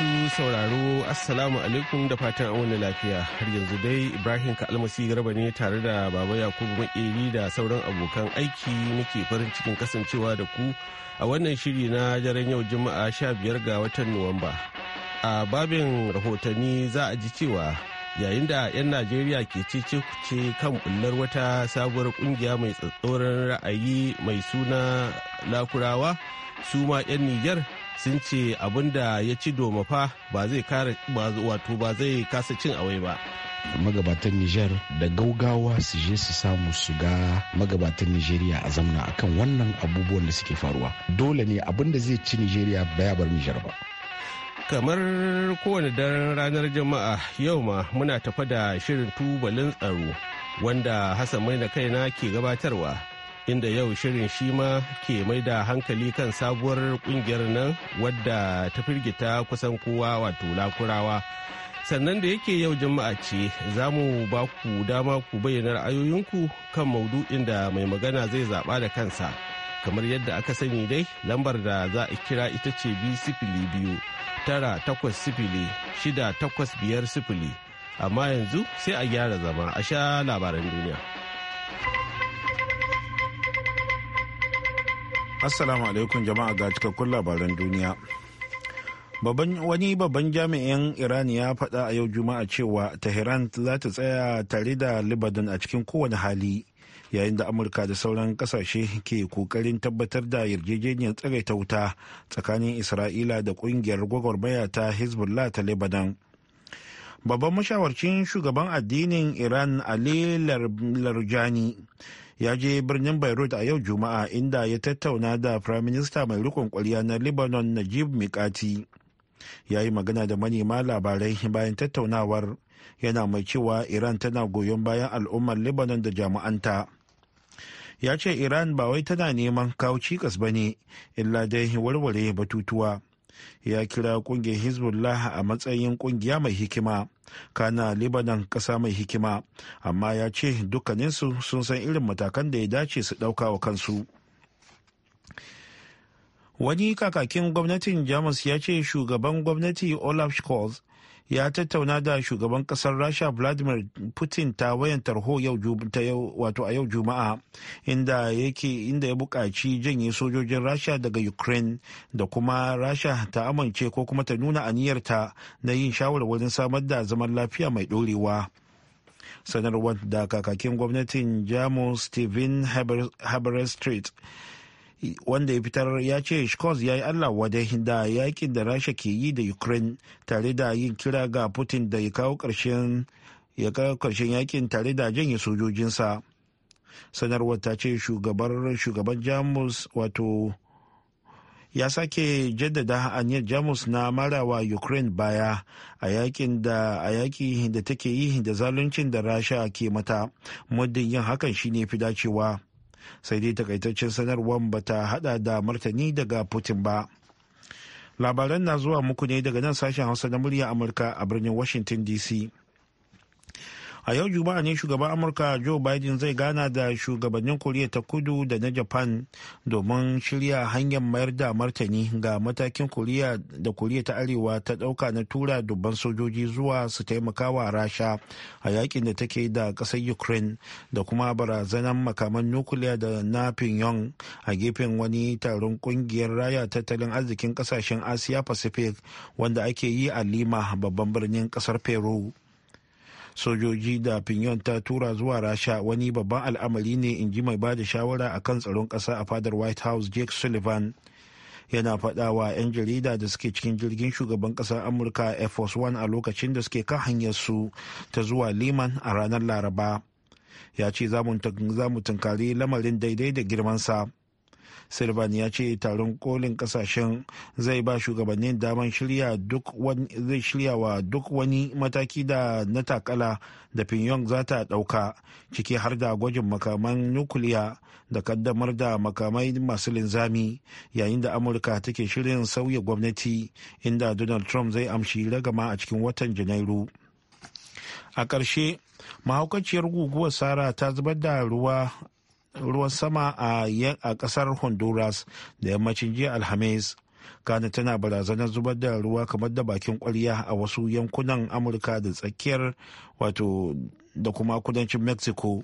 masu sauraro assalamu alaikum da fatan an wani lafiya har yanzu dai ibrahim ka almasi garba ne tare da baba yakubu makeri da sauran abokan aiki muke farin cikin kasancewa da ku a wannan shiri na daren yau juma'a sha biyar ga watan nuwamba a babin rahotanni za a ji cewa yayin da 'yan najeriya ke cece kuce kan bullar wata sabuwar kungiya mai tsatsauran ra'ayi mai suna lakurawa su ma 'yan niger sun ce abin da ya ci doma fa ba zai wato ba zai kasa cin awai ba magabatan Nijar da gaugawa su je su samu su ga magabatan Nijeriya a zamna akan wannan abubuwan da suke faruwa dole ne abin da zai ci Nijeriya baya bar Nijar ba kamar kowane daren ranar jama'a yau ma muna tafa da shirin tubalin tsaro wanda Hassan mai na kaina ke gabatarwa inda yau shirin shi ma ke mai da hankali kan sabuwar kungiyar nan wadda ta firgita kusan kowa wato lakurawa sannan da yake yau juma'a ce za mu ba ku dama ku bayyana ra'ayoyinku kan maudu'in da mai magana zai zaɓa da kansa kamar yadda aka sani dai lambar da za a kira ita ce biyu sifili biyu tara takwas sifili shida takwas biyar sifili amma yanzu sai a gyara zama a sha labaran duniya. Assalamu alaikum jama'a ga cikakkun labaran duniya. wani babban jami'in iran ya faɗa a yau juma'a cewa tehran za ta tsaya tare da libanon a cikin kowane hali yayin da amurka da sauran kasashe ke kokarin tabbatar da yarjejeniyar tsagaita wuta tsakanin isra'ila da kungiyar gwagwarmaya ta hezbollah ta Lebanon. babban mashawarcin shugaban addinin iran ali larjani ya je birnin beirut a yau juma'a inda ya tattauna da prime minister mai rikon kwarya na lebanon najib mikati ya yi magana da manema labarai bayan tattaunawar yana mai cewa iran tana goyon bayan al'ummar lebanon da jama'anta. ya ce iran ba wai tana neman kawo cikas ba ne illa dai warware batutuwa ya kira kungiyar hezbollah a matsayin kungiya mai hikima kana libanan ƙasa mai hikima amma ya ce dukkaninsu sun san irin matakan da ya dace su ɗauka wa kansu wani kakakin gwamnatin jamus ya ce shugaban gwamnati olaf scholz ya tattauna da shugaban kasar rasha vladimir putin ta wayan tarho wato a yau juma'a inda inda ya buƙaci janye sojojin rasha daga ukraine da kuma rasha ta amince ko kuma ta nuna aniyarta na yin shawarwarin samar da zaman lafiya mai ɗorewa. sanarwar da kakakin gwamnatin jamus steven haber street wanda ya fitar ya ce shkos ya yi allah wadai da yakin da rasha ke yi da ukraine tare da yin kira ga putin da ya kawo karshen ya yakin tare da janye sojojinsa sanarwar ta ce shugaban jamus wato ya sake jaddada hanyar jamus na marawa ukraine baya a yakin da a yaki da take yi da zaluncin da rasha ke mata muddin yin hakan shine fi dacewa sai dai takaitaccen sanarwar ba ta hada da martani daga putin ba labaran na zuwa muku ne daga nan sashen hausa na murya amurka a birnin washington dc a yau juma'a ne shugaban amurka joe biden zai gana da shugabannin koriya ta kudu da na japan domin shirya hanyar mayar da martani ga matakin koriya da koriya ta arewa ta dauka na tura dubban sojoji zuwa su taimaka wa rasha a yakin da take da kasar ukraine da kuma barazanan makaman nukiliya da na pyongyang a gefen wani taron kungiyar raya tattalin arzikin kasashen asiya pacific wanda ake yi a lima babban birnin kasar peru sojoji da pinyon ta tura zuwa rasha wani babban al'amari ne in ji mai bada shawara a kan tsaron ƙasa a fadar white house jake sullivan yana faɗa 'yan jarida da suke cikin jirgin shugaban ƙasar amurka air force one a lokacin da suke kan hanyar su ta zuwa liman a ranar laraba ya ce za mu tunkari lamarin daidai da girmansa. sa silvan ya ce taron kolin kasashen zai ba shugabannin daman shirya wa duk wani mataki da na takala da pyongyang za ta dauka ciki har da gwajin makaman nukuliya da kaddamar da makamai masu linzami yayin da amurka take shirin sauya gwamnati inda donald trump zai amshi ragama a cikin watan janairu a ƙarshe mahaukaciyar guguwar sara ta zubar da ruwa ruwan sama a kasar honduras da yammacin jiya alhamis kana tana barazanar zubar da ruwa kamar da bakin kwarya a wasu yankunan amurka da tsakiyar wato da kuma kudancin mexico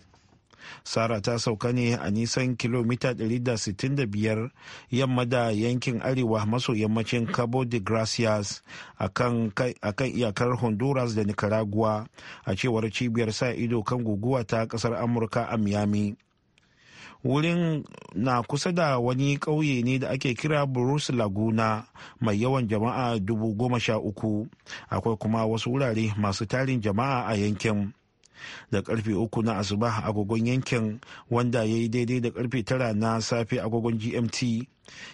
sara ta sauka ne a nisan kilomita 165 yamma da yankin arewa maso yammacin cabo de gracias a kan iyakar honduras da nicaragua a cewar cibiyar sa ido kan guguwa ta kasar amurka a miami wurin na kusa da wani ƙauye ne da ake kira burus laguna mai yawan jama'a dubu goma sha uku akwai kuma wasu wurare masu tarin jama'a a yankin da karfe uku na asuba agogon yankin wanda ya yi daidai da karfe tara na safe agogon gmt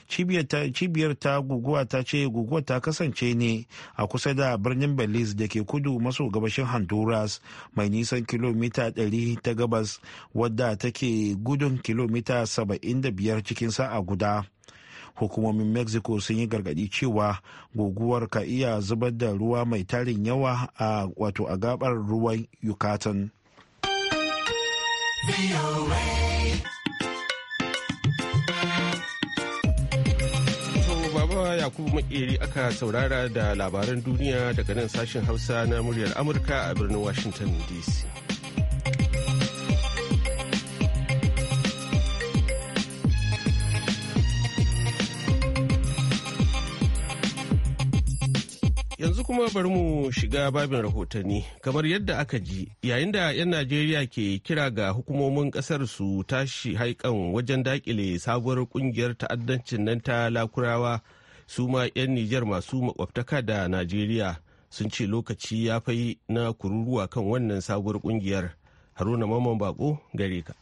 cibiyar ta guguwa ta ce guguwa ta kasance ne a kusa da birnin belize da ke kudu maso gabashin honduras mai nisan kilomita 100 ta gabas wadda take gudun kilomita 75 cikin sa'a guda hukumomin mexico sun yi gargadi cewa guguwar ka iya zubar da ruwa mai tarin yawa a wato a gabar ruwan yucatan ku Makeri aka saurara da labaran duniya daga nan sashen Hausa na muryar Amurka a birnin Washington DC. yanzu kuma bari mu shiga babin rahotanni kamar yadda aka ji yayin da 'yan najeriya ke kira ga hukumomin kasar su tashi haikan wajen dakile sabuwar kungiyar ta'addancin nan ta lakurawa su ma 'yan Nijar masu makwabtaka da Najeriya sun ce lokaci ya fai na kururuwa kan wannan sabuwar kungiyar. Haruna Maman Bako gare ka.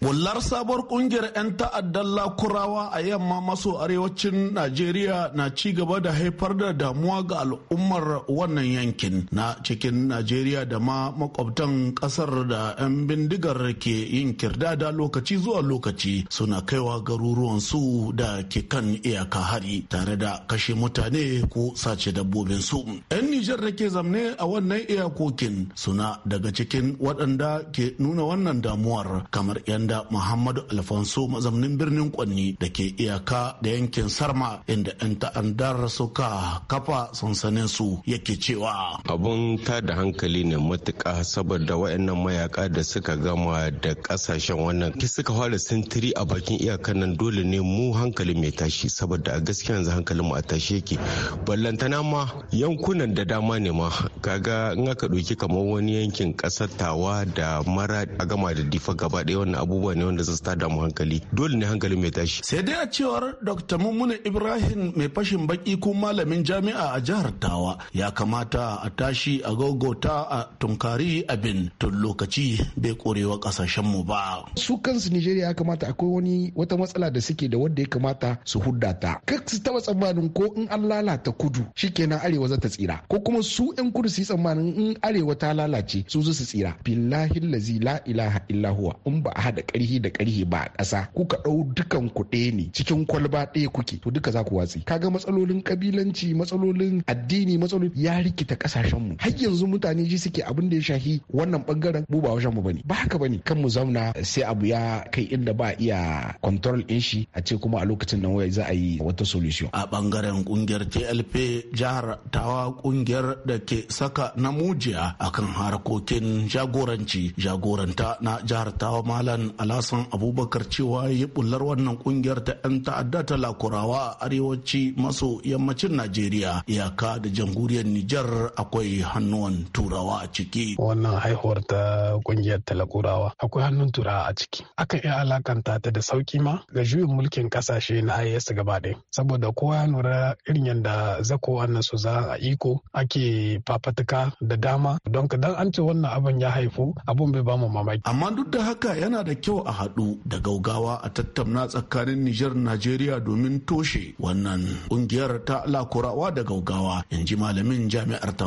Bullar sabuwar kungiyar 'yan ta'addar lakurawa a yamma maso arewacin Najeriya na ci gaba da haifar da damuwa ga al'ummar wannan yankin na cikin Najeriya da ma makwabtan kasar da 'yan bindigar ke yin da lokaci zuwa lokaci suna kaiwa garuruwan su da ke kan iyaka hari tare da kashe mutane ko sace dabbobin su. 'Yan Nijar da ke zamne a wannan iyakokin suna daga cikin waɗanda ke nuna wannan damuwar kamar 'yan da muhammadu alfonso mazaunin birnin kwanni da ke iyaka da yankin sarma inda 'yan ta'andar suka kafa sansanin su yake cewa abun ta da hankali ne matuƙa saboda waɗannan mayaka da suka gama da ƙasashen wannan ki suka fara sintiri a bakin iyakan nan dole ne mu hankali mai tashi saboda a gaskiya yanzu hankalin mu a tashi yake ballantana ma yankunan da dama ne ma kaga in aka ɗauki kamar wani yankin ƙasar tawa da mara a gama da difa gaba ɗaya wannan abubuwa abubuwa ne wanda zasu tada mu hankali dole ne hankali mai tashi sai dai a cewar dr mummuna ibrahim mai fashin baki ko malamin jami'a a jihar tawa ya kamata a tashi a gogota a tunkari abin tun lokaci bai korewa kasashen mu ba su kansu nigeria ya kamata akwai wani wata matsala da suke da wanda ya kamata su hudda ta kak su taba tsammanin ko in an lalata kudu shikenan arewa za ta tsira ko kuma su yan kudu su yi tsammanin in arewa ta lalace su su tsira billahi lazi la ilaha illa huwa in ba a hada ƙarhi da ƙarhi ba a ƙasa kuka ɗau dukan kuɗe ne cikin kwalba ɗaya kuke to duka za ku watsi kaga matsalolin kabilanci matsalolin addini matsalolin ya rikita ƙasashen mu har yanzu mutane ji suke abin da ya shahi wannan bangaren mu ba wajen mu bane ba haka bane kan mu zauna sai abu ya kai inda ba iya control ɗin shi a ce kuma a lokacin nan wai za a yi wata solution a bangaren ƙungiyar TLP jihar Tawa ƙungiyar da ke saka namujiya akan harkokin jagoranci jagoranta na jihar Tawa Malam alasan abubakar cewa ya bullar wannan kungiyar ta 'yan ta'adda ta lakurawa a arewaci maso yammacin najeriya iyaka da jamhuriyar nijar akwai hannuwan turawa a ciki wannan haihuwar ta kungiyar ta lakurawa akwai hannun turawa a ciki akan iya alakanta ta da sauki ma ga juyin mulkin kasashe na is gaba ɗaya saboda kowa ya nura irin yadda zako wannan su za a iko ake fafatuka da dama don dan an ce wannan abin ya haifu abun bai bamu mamaki amma duk da haka yana da kyau kyau a haɗu da gaugawa a tattauna tsakanin Nijar Najeriya domin toshe wannan ƙungiyar ta lakurawa da gaugawa in ji malamin jami'ar ta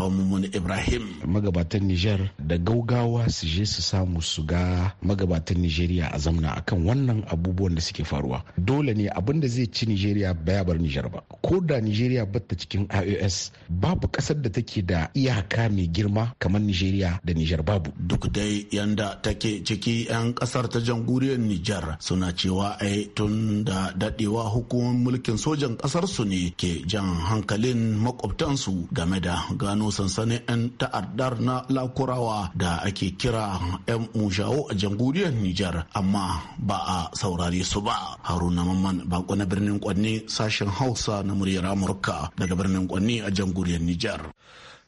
Ibrahim. Magabatan Nijar da gaugawa su je su samu su ga magabatan Nijeriya a zamna akan wannan abubuwan da suke faruwa. Dole ne abin da zai ci Nijeriya baya bar Nijar ba. Ko da Nijeriya batta cikin IOS babu ƙasar da take da iyaka mai girma kamar Nijeriya da Nijar babu. Duk dai yanda take ciki 'yan ƙasar ta jamhuriyar Nijar suna cewa ai eh, tun da dadewa hukumar mulkin sojan kasar su ne ke jan hankalin makwabtansu game da gano sansanin 'yan ta'addar na lakurawa da ake kira 'yan mushawo a jamhuriyar Nijar amma ba a saurare su ba. Haruna Mamman bako na birnin Kwanne sashen Hausa na muryar Amurka daga birnin Kwanne a jamhuriyar Nijar.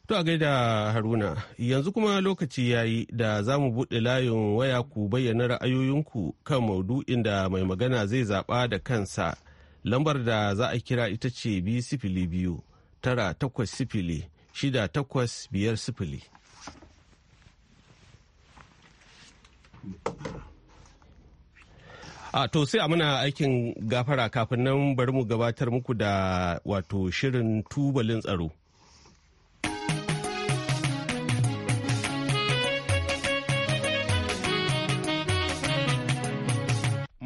To a gaida Haruna, yanzu kuma lokaci ya yi da za mu buɗe layin waya ku bayyana ra'ayoyinku kan maudu'in da mai magana zai zaɓa da kansa. Lambar da za a kira ita ce biyu sifili biyu, tara takwas sifili, shida takwas biyar sifili. A to sai a muna aikin gafara kafin nan bari mu gabatar muku da wato shirin tubalin tsaro.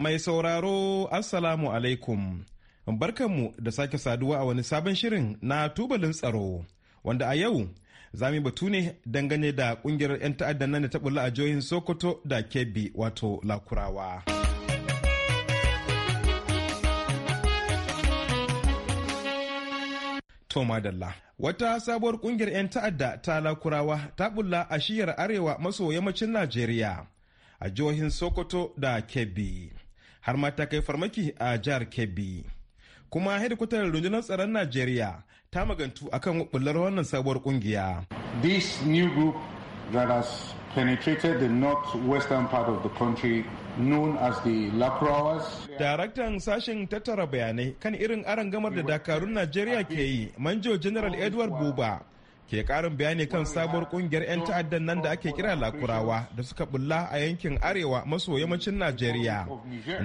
Mai sauraro Assalamu alaikum. Barkanmu da sake saduwa a wani sabon shirin na tubalin tsaro wanda a yau zami batu ne dangane da kungiyar 'yan ta'addan nan da ta a jihohin Sokoto da Kebbi wato Lakurawa. Toma Wata sabuwar kungiyar 'yan ta'adda ta Lakurawa ta bulla a shiyar arewa maso yammacin Najeriya a jihohin Sokoto da Kebbi. har ma ta kai farmaki a jihar Kebbi. Kuma hedikwatar rundunar tsaron Najeriya ta magantu akan bullar wannan sabuwar kungiya. This new group that has penetrated the north-western part of the country known as the Laprawas. Daraktan sashen tattara bayanai kan irin arangamar da dakarun Najeriya ke yi, Manjo General Edward Buba. ke karin bayani kan sabuwar kungiyar 'yan ta'addan nan da ake kira lakurawa da suka bulla a yankin arewa maso yammacin najeriya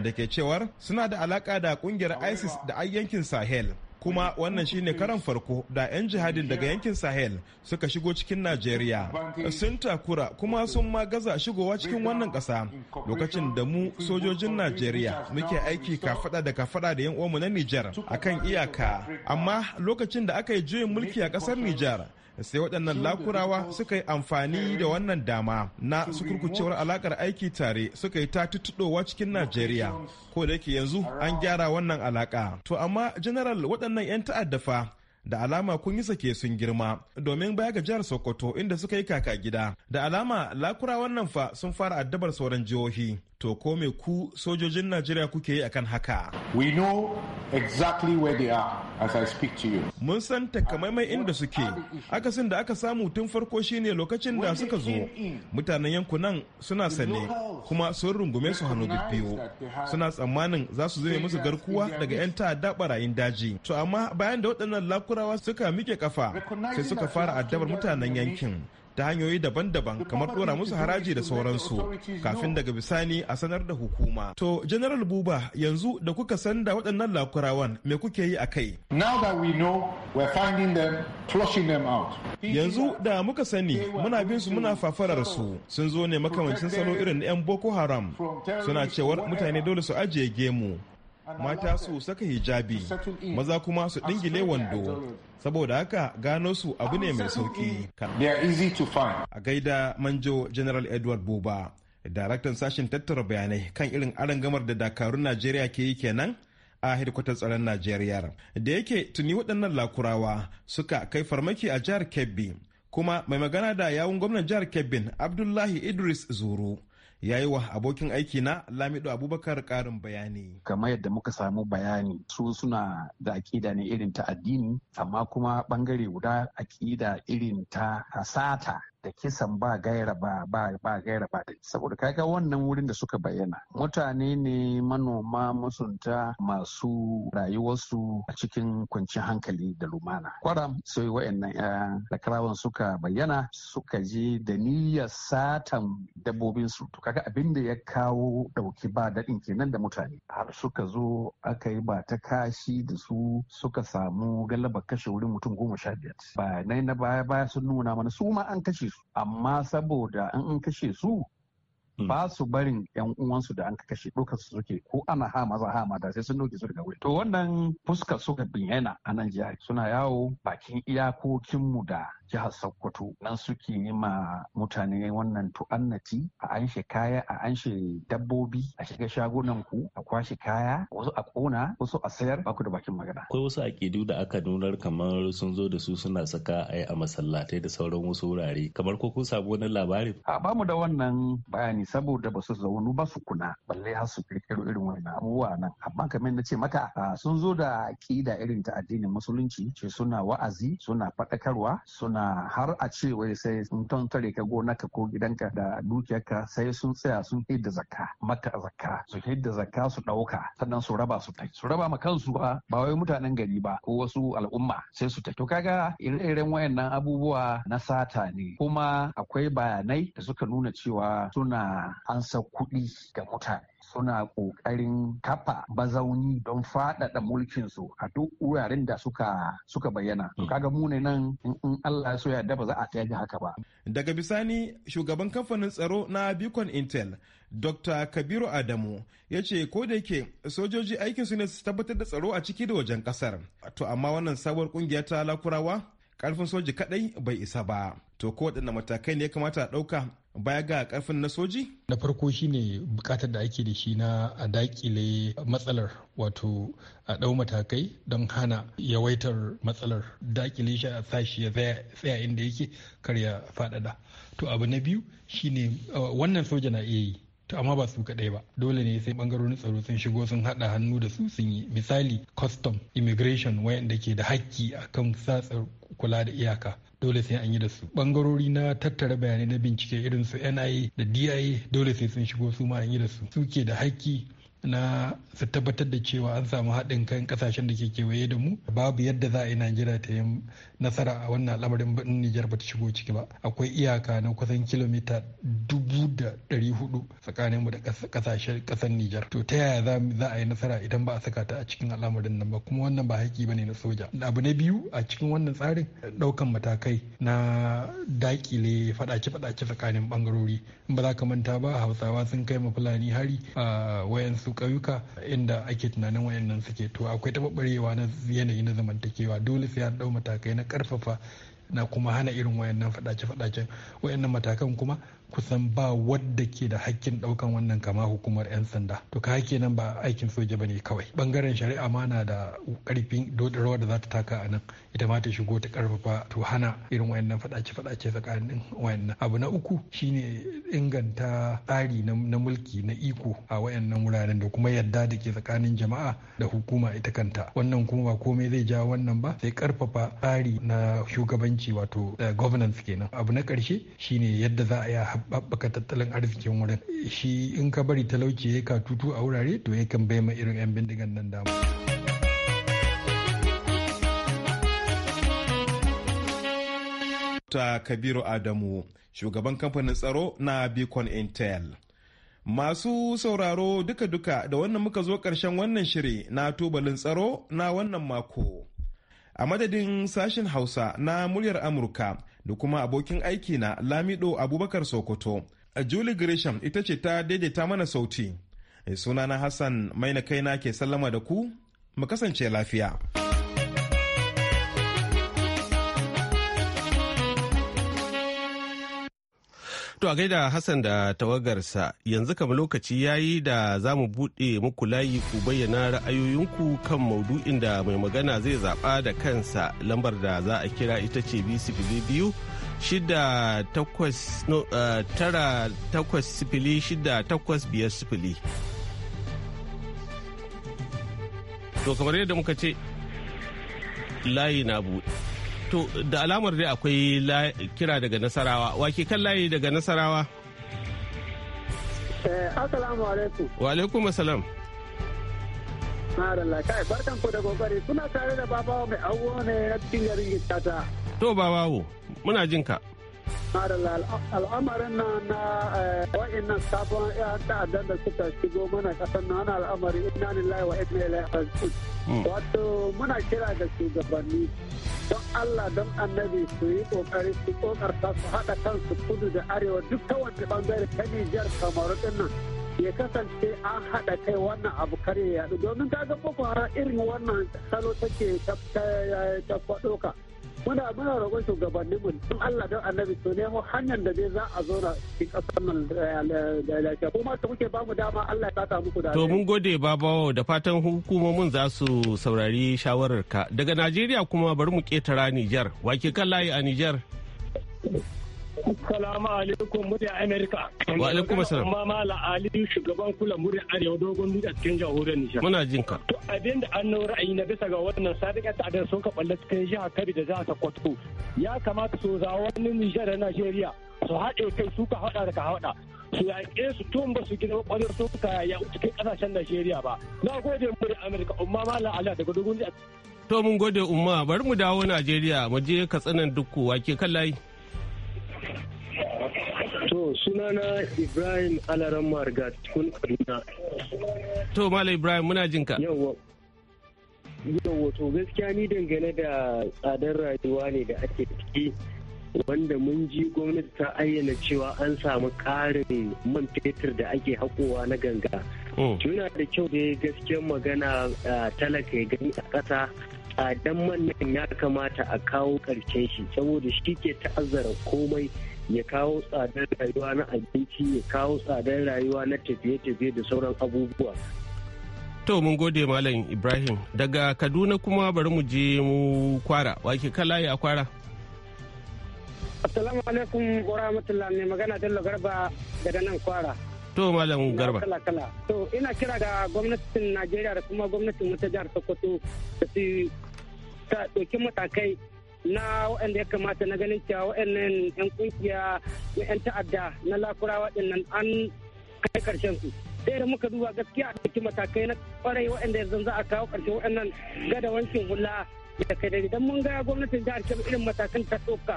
da ke cewar suna da alaka da kungiyar isis da a yankin sahel kuma wannan shine karan farko da 'yan jihadin daga yankin sahel suka shigo cikin najeriya sun takura kuma sun ma gaza shigowa cikin wannan ƙasa lokacin da mu sojojin najeriya muke aiki kafada da kafada da 'yan uwanmu na nijar kan iyaka amma lokacin da aka yi juyin mulki a ƙasar nijar sai waɗannan lakurawa suka yi amfani da wannan dama na sukurkucewar alakar aiki tare suka yi ta tutuɗowa cikin najeriya ko da yake yanzu an gyara wannan alaƙa. to amma general waɗannan 'yan ta'adda fa da alama kun yi sake sun girma domin baya ga jihar sokoto inda suka yi kaka gida da alama lakura wannan fa sun fara addabar sauran jihohi To ko me ku sojojin Najeriya kuke yi akan haka? We know exactly where they are as I speak to you. Mun san takamaiman inda suke. Akasin da aka samu tun farko shine lokacin da suka zo. Mutanen yankunan suna sane kuma sun rungume su hannu biyu. Suna tsammanin za su zame musu garkuwa daga 'yan ta'adda barayin daji. To amma bayan da waɗannan lakurawa suka mike kafa sai suka fara addabar mutanen yankin. ta hanyoyi daban-daban kamar ɗora musu haraji da sauransu kafin daga bisani a sanar da hukuma. To, General Buba, yanzu da kuka san da waɗannan lakurawan me kuke yi a kai? Yanzu da muka sani muna bin su muna fafarar su sun zo ne makamancin salo irin 'yan Boko Haram suna cewar mutane dole su ajiye gemu. mata su saka hijabi maza kuma su dingile wando saboda haka gano su abu ne mai sauki a gaida manjo general edward buba daraktan sashen tattara bayanai kan irin arangamar da dakarun najeriya ke yi kenan a hedikwatar tsaron najeriya da yake tuni waɗannan lakurawa suka kai farmaki a jihar kebbi kuma mai magana da yawun gwamnan jihar kebbin abdullahi idris zuru ya yi wa abokin aiki na lamido abubakar karin bayani kamar yadda muka samu bayani su suna da akida ne irin ta addini amma kuma bangare guda akida irin ta hasata da kisan ba gaira ba ba ba gaira ba dai saboda kaga wannan wurin da suka bayyana mutane ne manoma masunta masu rayuwarsu a cikin kwanciyar hankali da lumana kwaram sai wayannan da karawan suka bayyana suka je da niyyar satan dabbobin su to kaga abin da ya kawo dauki ba daɗin kenan da mutane har suka zo aka yi ba ta kashi da su suka samu galaba kashe wurin mutum goma sha biyar ba na baya baya sun nuna mana su ma an kashe su amma saboda in kashe su hmm. ba su barin yan uwansu da an kashe dokar su suke ko ana ha maza ha mata sai sun doke su daga wuri to wannan fuskar suka yana a nan jihar suna yawo bakin iyakokinmu da jihar Sokoto nan suke yi ma mutane wannan tu'annati a anshe kaya a anshe dabbobi a shiga shagunan ku a kwashe kaya wasu a kona wasu a sayar baku da bakin magana. Akwai wasu akidu da aka nunar kamar sun zo da su suna saka ai a masallatai da sauran wasu wurare kamar ko kun samu wani labari. A bamu da wannan bayani saboda ba su zaunu ba su kuna balle har su kirkiro irin wannan abubuwa nan amma kamar na ce maka sun zo da akida irin ta addinin musulunci ce suna wa'azi suna faɗakarwa suna suna har a ce wai sai sun tantare ka gonaka ko gidanka da dukiyarka sai sun tsaya sun hidda zakka maka zakka su hidda zakka su ɗauka sannan su raba su tai su raba ma kansu ba ba wai mutanen gari ba ko wasu al'umma sai su tai to kaga ire-iren wayannan abubuwa na sata ne kuma akwai bayanai da suka nuna cewa suna ansa kuɗi ga mutane suna ƙoƙarin kafa bazauni don faɗaɗa su a duk wuraren da suka suka bayyana. Hmm. Kaga mu ne nan in Allah ya so ya ba za a ta haka ba. Daga bisani shugaban kamfanin tsaro na bicon Intel Dr. Kabiru Adamu ya ce ko da yake sojoji aikin su ne su tabbatar da tsaro a ciki da wajen kasar. To amma wannan sabuwar kungiya ta lakurawa karfin soji kaɗai bai isa ba. to ko waɗanne matakai ne ya kamata a ɗauka baya ga karfin na soji? Na farko shine bukatar da ake da shi na a dakile matsalar wato a ɗau matakai don hana yawaitar matsalar dakile shi a sashi ya tsaya inda yake kar ya faɗaɗa. To abu na biyu shine wannan soja na iya yi to amma ba su kaɗai ba dole ne sai bangarorin tsaro sun shigo sun haɗa hannu da su sun yi misali custom immigration wayanda ke da hakki a kan satsar kula da iyaka dole sai an yi da su bangarori na tattara bayanai na bincike irin su nia da dia dole sai sun shigo su ma an yi da su suke da hakki. na su tabbatar da cewa an samu haɗin kan kasashen da ke kewaye da mu babu yadda za a yi najeriya ta yi nasara a wannan al'amarin in nijar ba ta shigo ciki ba akwai iyaka na kusan kilomita dubu da ɗari hudu tsakanin mu da ƙasashen ƙasar nijar to ta yaya za a yi nasara idan ba a saka ta a cikin al'amarin nan ba kuma wannan ba ba ne na soja abu na biyu a cikin wannan tsarin ɗaukan matakai na dakile faɗace-faɗace tsakanin ɓangarori in ba za ka manta ba hausawa sun kai ma fulani hari a wayansu ƙauyuka inda ake tunanin wayannan suke to akwai taɓarɓarewa na yanayi na zamantakewa dole sai an ɗau matakai na ƙarfafa na kuma hana irin wayannan fadace-fadacen wayannan matakan kuma kusan ba wadda ke da hakkin daukan wannan kama hukumar 'yan sanda to ka nan ba aikin soja bane kawai bangaren shari'a ma na da karfin rawar da za ta taka a nan ita ma ta shigo ta karfafa to hana irin wayannan fadace-fadace tsakanin wayannan abu na uku shine inganta tsari na mulki na iko a wayannan wuraren da kuma yadda da ke tsakanin jama'a da hukuma ita kanta wannan kuma ba komai zai ja wannan ba sai karfafa tsari na shugabanci musulunci wato eh, governance kenan abu na karshe shine yadda za a iya haɓaka tattalin arzikin wurin shi in ka bari talauci ya ka tutu a wurare to ya kan bai ma irin 'yan bindigan nan dama. ta Kabiru Adamu, shugaban kamfanin tsaro na Beacon Intel. Masu sauraro duka-duka da wannan muka zo ƙarshen wannan shiri na tubalin tsaro na wannan mako. a madadin sashen hausa na muryar amurka da kuma abokin aiki na lamido abubakar sokoto julie gresham ita ce ta daidaita mana sauti eh, sunana hassan maina kaina ke sallama da ku mu kasance lafiya. To a gaida Hassan da tawagarsa yanzu kam lokaci ya yi da za mu buɗe muku layi ku bayyana ra'ayoyinku kan maudu'in da mai magana zai zaɓa da kansa lambar da za a kira ita ce biyu shida takwas eh, tara takwas sifili shida takwas biyar sifili. To kamar yadda muka ce layi na buɗe. To da alamar dai akwai kira daga Nasarawa. Wake kan layi daga Nasarawa? Eh, assalamu alaikum. Wa alaikum assalam. Madalla kai barkan ku da kokari kuna tare da babawo mai awo ne na cikin garin Gittata. To babawo muna jinka. ka. al'amarin na na eh, wa'annan sabon ta'addan da suka shigo mana kasan na al'amari inna lillahi wa inna ilaihi raji'un hmm. wato muna kira ga shugabanni don Allah don annabi su yi kokari su kokarta su haɗa kansu kudu da arewa duk ta wani bangare ta Nijar Kamaru dinnan ya kasance an haɗa kai wannan abu kare ya yaɗu domin kaga boko irin wannan salo take ta faɗo ka muna muna roƙon shugabannin mu don Allah don annabi su nemo hanyar da zai za a zauna cikin ƙasar nan eh, da lafiya kuma ta kuke bamu dama Allah ya sa muku da to mun gode babawo da fatan hukumomin za su saurari shawarar ka daga Najeriya kuma bari mu ketara Nijar wake kan layi a Nijar Salamu alaikum murya Amerika. Wa alaikum assalam. Amma Mala Ali shugaban kula murya Arewa dogon murya cikin jamhuriyar Nijar. Muna jin ka. To abin da an ra'ayi na bisa ga wannan sadiqa ta sun ka balle cikin jihar Kebbi da jihar Sokoto. Ya kamata su wani Nijar da Najeriya su haɗe kai su ka haɗa da ka haɗa. Su yaƙe su tun ba su gina ƙwarar su ka ya cikin ƙasashen Najeriya ba. Na gode murya Amerika. Amma Mala Ali daga dogon murya. To mun gode umma bari mu dawo Najeriya mu je Katsinan Dukku wake kan layi. To sunana Ibrahim Alaran Marga cikin Kaduna. To Mala Ibrahim muna jin ka. Yawwa. to gaskiya ni dangane da tsadar rayuwa ne da ake ciki wanda mun ji gwamnati ta ayyana cewa an samu ƙarin man fetur da ake haƙowa na ganga. Tuna hmm. da kyau da gaskiyar magana talaka ya gani a ƙasa tsadan man nan ya kamata a kawo ƙarshen shi saboda shi ke ta'azzara komai ya kawo tsadar rayuwa na abinci ya kawo tsadar rayuwa na tafiye-tafiye da sauran abubuwa to mun gode malam ibrahim daga kaduna kuma bari mu je mu kwara wake kala ya kwara assalamu alaikum wa rahmatullah mai magana dallo garba daga nan kwara to malam garba kala kala to ina kira ga gwamnatin najeriya da kuma gwamnatin wata jihar sokoto da su ta ɗauki matakai na waɗanda ya kamata na ganin cewa waɗannan 'yan kungiya na 'yan ta'adda na lakurawa waɗannan an kai ƙarshen su sai da muka duba gaskiya a ɗauki matakai na kwarai waɗanda yanzu za a kawo ƙarshen waɗannan gada wancan hula da kai dare idan mun ga gwamnatin jihar Kebbi irin matakan ta ɗauka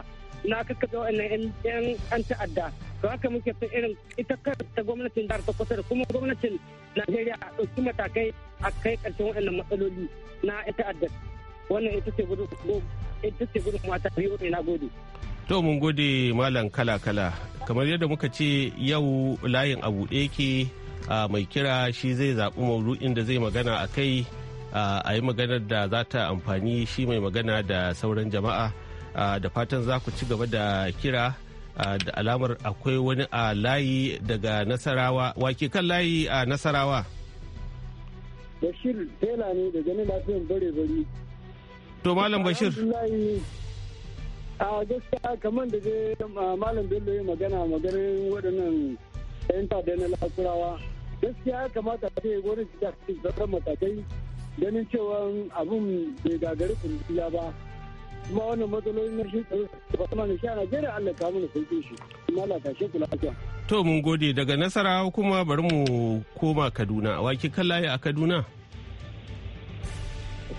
na kakkaɓe waɗannan 'yan ta'adda to haka muke fi irin ita kanta gwamnatin jihar ta kusa da kuma gwamnatin Najeriya a ɗauki matakai a kai ƙarshen waɗannan matsaloli na 'yan ta'adda. wannan ita ce gudun ita ce gudun mata biyu ne na gode to mun gode malam kala kala kamar yadda muka ce yau layin abu ɗaya ke mai kira shi zai zaɓi maudu'in da zai magana a kai a yi maganar da za ta amfani shi mai magana da sauran jama'a da fatan za ku ci gaba da kira da alamar akwai wani a layi daga nasarawa wake kan layi a nasarawa bashir tela ne daga nuna lafiyan bare bari to malam bashir a gaskiya kamar da dai malam bello yi magana maganin waɗannan yan tada na lafurawa gaskiya ya kamata ta yi gwamnati ta ci sauran matakai ganin cewa abin bai gagari kuma ba kuma wannan matsalolin na shi tsaro ba kuma na sha najeriya allah ka mana sauke shi kuma allah ta sheku lafiya. to mun gode daga nasara kuma bari mu koma kaduna wa kika layi a kaduna.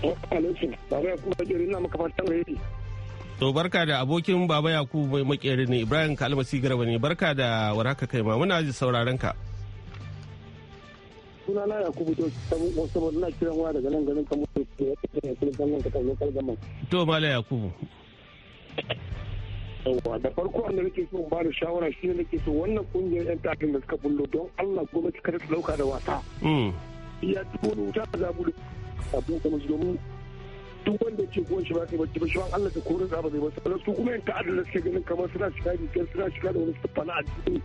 Baba Yakubu ina To barka da abokin Baba Yakubu mai makeri ne Ibrahim Kalmasi Garba ne barka da warhaka kai ma muna ji sauraron ka. Suna na Yakubu to saboda ina kiran wa daga nan garin kamar da ke tsaye da kullum ka kallo kalgaman. To Mala Yakubu. Yawwa da farko an nake so ba da shawara shi ne nake so wannan kungiyar 'yan tafin da suka bullo don Allah gwamnati kada ta dauka da wasa. Mm. Iya duk wani wuta da zabulu abin domin duk wanda ke kuwan shi ba kai bacci ba shi Allah ka kore za zai ba su kuma da suke ganin kamar suna shiga jikin suna shiga da wani siffa na addini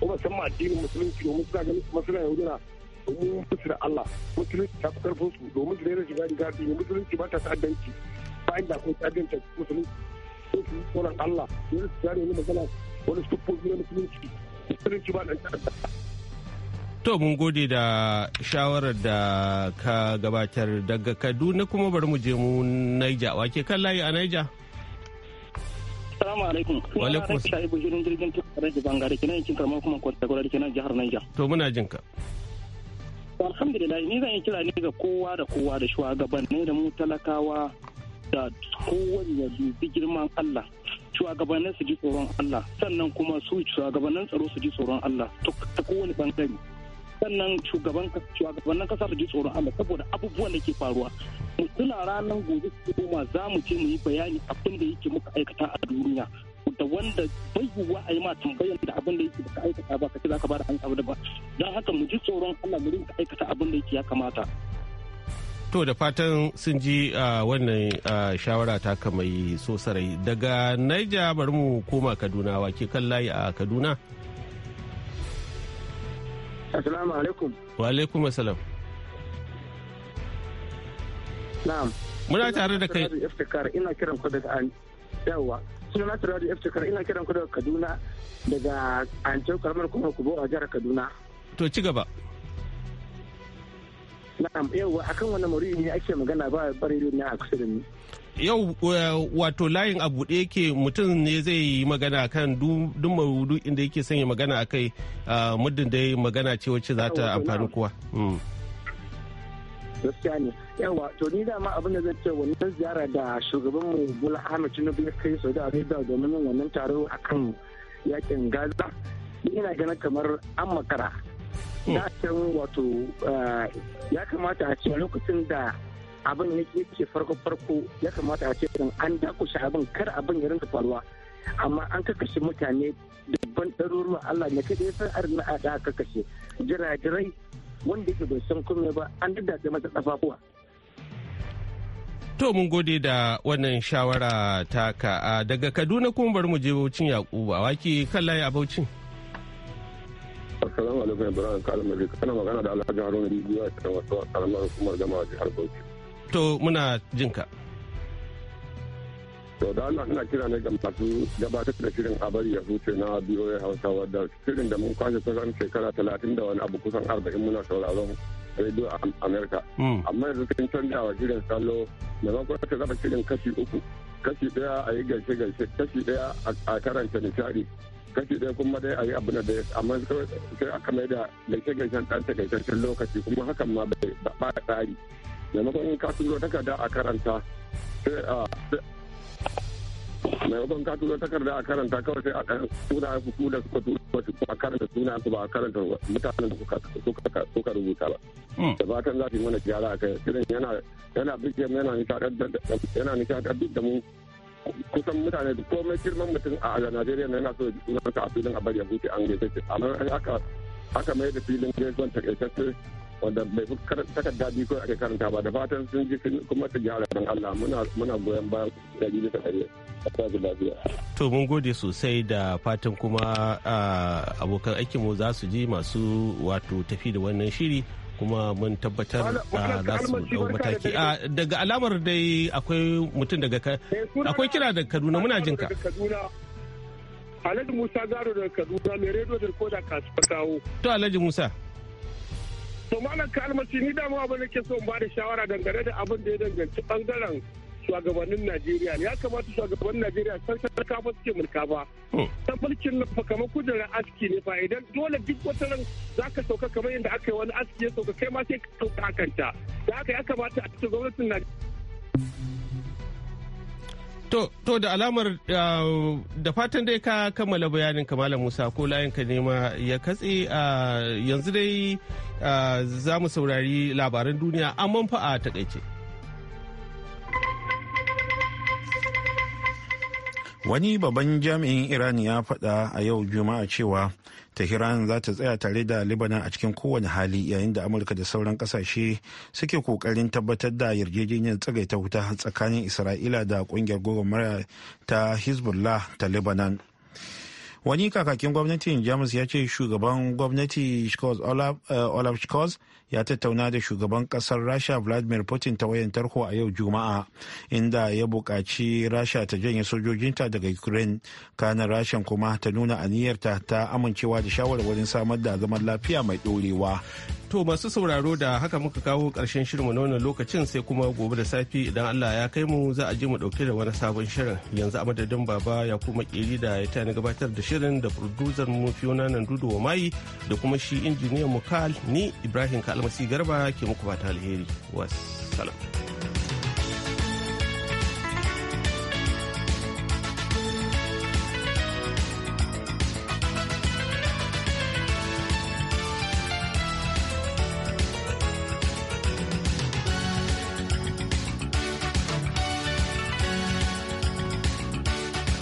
ko ba san ma addinin musulunci domin suna ganin kamar suna yaudara domin musu da Allah musulunci ta fi karfin su domin su daina shiga jikin addini musulunci ba ta ta'addanci ba inda ta'addanci musulunci ko su tsoron Allah yanzu su gane wani magana wani siffofi na musulunci musulunci ba ta'addanci To mun gode da shawarar da ka gabatar daga Kaduna kuma bari mu je mu Naija. Wake kan layi a Naija? Salamu alaikum. Wa alaikum. Ina Shaibu jirin jirgin tare da bangare kenan cikin karamar kuma da kwatagwara kenan jihar Naija. To muna jin ka. Alhamdulillah ni zan yi kira ne ga kowa da kowa da shugabanni da mu talakawa da kowanne dubi girman Allah. Shugabannin su ji tsoron Allah sannan kuma su shugabannin tsaro su ji tsoron Allah ta kowane bangare. sannan shugaban shugabannin kasa su ji tsoron Allah saboda abubuwan da ke faruwa mu tuna ranar gobe su koma za mu je mu yi bayani abin da yake muka aikata a duniya da wanda bai yiwuwa a yi ma tambayan da abin da yake baka aikata ba kace zaka bada an da ba don haka mu ji tsoron Allah mu rinka aikata abin da yake ya kamata To da fatan sun ji wannan shawara ta mai so sarai daga Naija bari mu koma Kaduna wake kan layi a Kaduna. Assalamu alaikum. Wa alaikum assalam. Na'am. Muna tare da kai. Ina kiran ku daga yawa. Suna na Siraju Iftikar ina kiran ku daga Kaduna daga Ancew karamar kuma Kubo a jihar Kaduna. To ci gaba. Na'am yawa akan wani maudu'i ne ake magana ba bare ne a kusa da ni. yau eh, wato layin a buɗe yake mutum ne zai yi magana kan duk mawudu da yake sanya magana a kai ah, muddin da ya magana ce wacce za ta amfani kuwa. Hmm. gaskiya ne yawa to ni dama abin da zan ce wannan ziyara da shugaban mu bola ahmed tinubu ya kai saudi arabia domin yin wannan taro akan yakin gaza ina ganin kamar an makara hmm. na can wato eh, ya kamata a ce lokacin da abin yake farko farko ya kamata a ce an dakushe abin kar abin ya rinka faruwa amma an kakashe mutane dubban ɗaruruwa Allah ne kai sai a arin a da aka kashe jirajirai wanda yake bai san komai ba an daddace mata kafafuwa To mun gode da wannan shawara ta ka daga Kaduna kuma bar mu je Baucin Yakubu a waki kan layi a Baucin. Assalamu alaikum Ibrahim Kalmari kana magana da Alhaji Haruna Rijiya ta wasu kalmar hukumar jama'a jihar Bauchi. To muna jinka. To da Allah ina kira ne ga masu gabatar da shirin a bari ya huce na ya Hausa wadda shirin da mun kwashe kusan shekara talatin da wani abu kusan arba'in muna sauraron radio a Amerika. Hmm. Amma yanzu sun canja wa shirin salo maimakon ta zaba shirin kashi uku. Kashi ɗaya a yi gaishe gaishe kashi ɗaya a karanta nishadi kashi ɗaya kuma dai a yi abu da ya amma sai aka mai da gaishe gaishen ɗan takaitaccen lokaci kuma hakan ma bai ba tsari. maimakon in ka turo takarda a karanta sai a maimakon ka turo takarda a karanta kawai sai a ya su da suka a karanta suna su ba a karanta mutanen da suka rubuta ba hmm. da ba za su mana gyara a kai shirin yana yana bige yana nishadar da mu kusan mutane da komai girman mutum a Najeriya yana so sunan ka a filin a bari ya huce an gaisa amma aka aka mai da filin gaisuwan takaitacce wanda bai fi takarda biyu kawai ake karanta ba da fatan sun ji kuma su gyara don Allah muna goyon bayan da ɗari bisa lafiya. To mun gode sosai da fatan kuma abokan aikinmu za su ji masu wato tafi da wannan shiri kuma mun tabbatar za su dau mataki daga alamar dai akwai mutum daga eh, akwai kira daga Kaduna muna jinka. Alhaji Musa Garo daga Kaduna mai redo da koda kasu kawo. To Alhaji Musa. to malam ni da ma nake so in ba da shawara dangane da abin da ya danganci bangaren shugabannin Najeriya ya kamata shugabannin Najeriya san ba suke mulka ba. san mulkin nan fa kamar kujerar aski ne fa idan dole duk wata ran za ka sauka kamar yadda aka yi wani aski ya sauka kai ma sai ka sauka hakanta. Da haka ya kamata a cikin gwamnatin Najeriya. To, to da alamar uh, da fatan dai ka kammala bayanin kamala Musa ko layin ka nema ya katse a uh, yanzu dai uh, za mu saurari labaran duniya amma fa a takaice. Wani babban jami'in Iran ya faɗa a yau Juma'a cewa Tehran za ta tsaya tare da libanan a cikin kowane hali yayin da Amurka da sauran kasashe suke kokarin tabbatar da yarjejeniyar tsagaita wuta tsakanin Isra'ila da kungiyar gwagwarmaya ta Hezbollah ta Lebanon. wani kakakin gwamnatin jamus ya ce shugaban gwamnati eh, olaf scholz ya tattauna da shugaban kasar rasha vladimir putin ta wayan tarho a yau juma'a inda ya buƙaci rasha ta janye sojojinta daga ukraine kanan rasha kuma ta nuna aniyarta ta amincewa da shawarwarin samar da zaman lafiya mai ɗorewa To masu sauraro da haka muka kawo ƙarshen shirinmu na wannan lokacin sai kuma gobe da safi idan Allah ya kai mu za a je mu ɗauke da wani sabon shirin yanzu a madadin baba ya kuma kiri da ya tani gabatar da shirin da producer mu Fiona nan wa mayi da kuma shi injiniyan mu Kal ni Ibrahim Kalmasi Garba ke muku fata alheri. Wassalam.